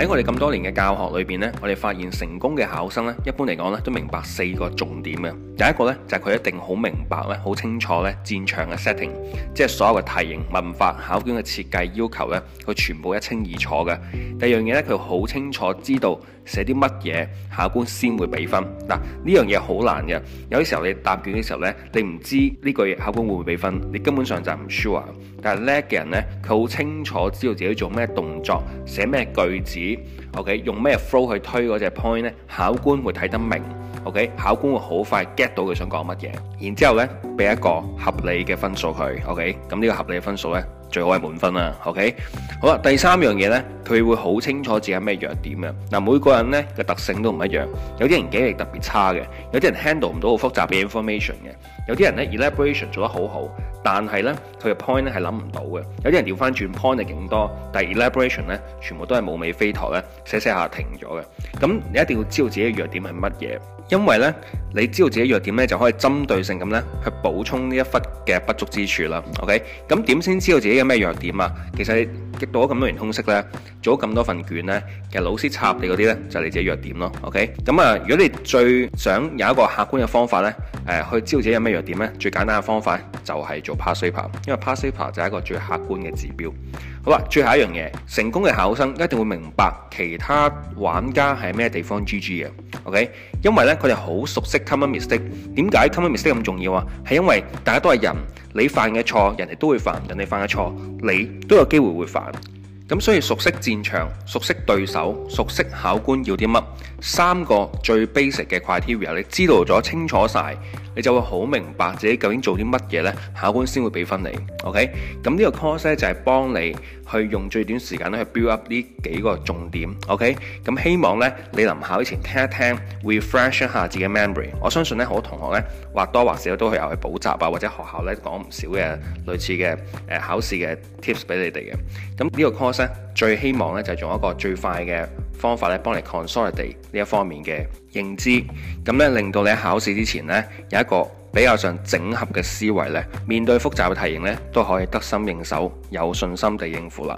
喺我哋咁多年嘅教學裏面，呢我哋發現成功嘅考生呢，一般嚟講呢都明白四個重點嘅。第一個呢，就係佢一定好明白咧、好清楚呢戰場嘅 setting，即係所有嘅題型、問法、考卷嘅設計要求呢，佢全部一清二楚嘅。第二樣嘢呢，佢好清楚知道寫啲乜嘢考官先會俾分。嗱，呢樣嘢好難嘅，有啲時候你答卷嘅時候呢，你唔知呢句考官會唔會俾分你，根本上就唔 sure。但係叻嘅人呢，佢好清楚知道自己做咩動作，寫咩句子 OK，用咩 flow 去推嗰隻 point 呢，考官會睇得明 OK，考官會好快 get 到佢想講乜嘢，然之後呢，俾一個合理嘅分數佢 OK。咁呢個合理嘅分數呢。最好係滿分啦，OK？好啦，第三樣嘢咧，佢會好清楚自己係咩弱點嘅。嗱，每個人咧嘅特性都唔一樣，有啲人記憶力特別差嘅，有啲人 handle 唔到好複雜嘅 information 嘅，有啲人咧 elaboration 做得好好，但係咧佢嘅 point 咧係諗唔到嘅。有啲人調翻轉 point 係勁多，但係 elaboration 咧全部都係冇尾飛陀咧，寫寫下停咗嘅。咁你一定要知道自己弱點係乜嘢，因為咧你知道自己弱點咧就可以針對性咁咧去補充呢一忽嘅不足之處啦。OK？咁點先知道自己弱點？有咩弱點啊？其實你極到咗咁多年通識咧，做咗咁多份卷咧，其實老師插你嗰啲咧，就係你自己弱點咯。OK，咁啊，如果你最想有一個客觀嘅方法咧，誒去知道自己有咩弱點咧，最簡單嘅方法就係做 pass paper，因為 pass paper 就係一個最客觀嘅指標。好啦，最後一樣嘢，成功嘅考生一定會明白其他玩家係咩地方 GG 嘅。OK，因為咧佢哋好熟悉 common mistake。點解 common mistake 咁重要啊？係因為大家都係人。你犯嘅錯，人哋都會犯；人哋犯嘅錯，你都有機會會犯。咁所以熟悉戰場、熟悉對手、熟悉考官要啲乜，三個最 basic 嘅 criteria，你知道咗清楚晒。你就會好明白自己究竟做啲乜嘢呢，考官先會俾分你。OK，咁呢個 course 咧就係、是、幫你去用最短時間咧去 build up 呢幾個重點。OK，咁希望呢，你臨考前聽一聽 refresh 下自己 memory。我相信呢，好多同學呢，或多或少都會有去補習啊，或者學校呢講唔少嘅類似嘅誒考試嘅 tips 俾你哋嘅。咁呢個 course 呢，最希望呢，就是、用一個最快嘅方法咧幫你 consolidate 呢一方面嘅認知，咁咧令到你喺考試之前咧，有一個比較上整合嘅思維咧，面對複雜嘅題型咧都可以得心應手，有信心地應付啦。